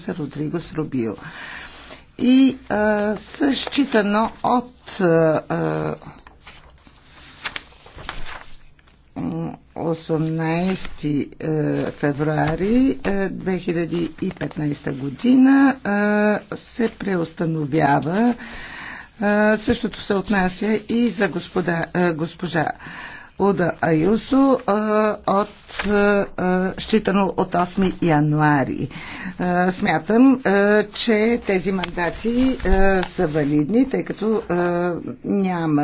за Родриго Срубио. И а, съсчитано от а, 18 февруари 2015 година се преустановява. Същото се отнася и за господа, госпожа Уда Аюсо от е, е, считано от 8 януари. Е, смятам, че тези мандати са валидни, тъй като няма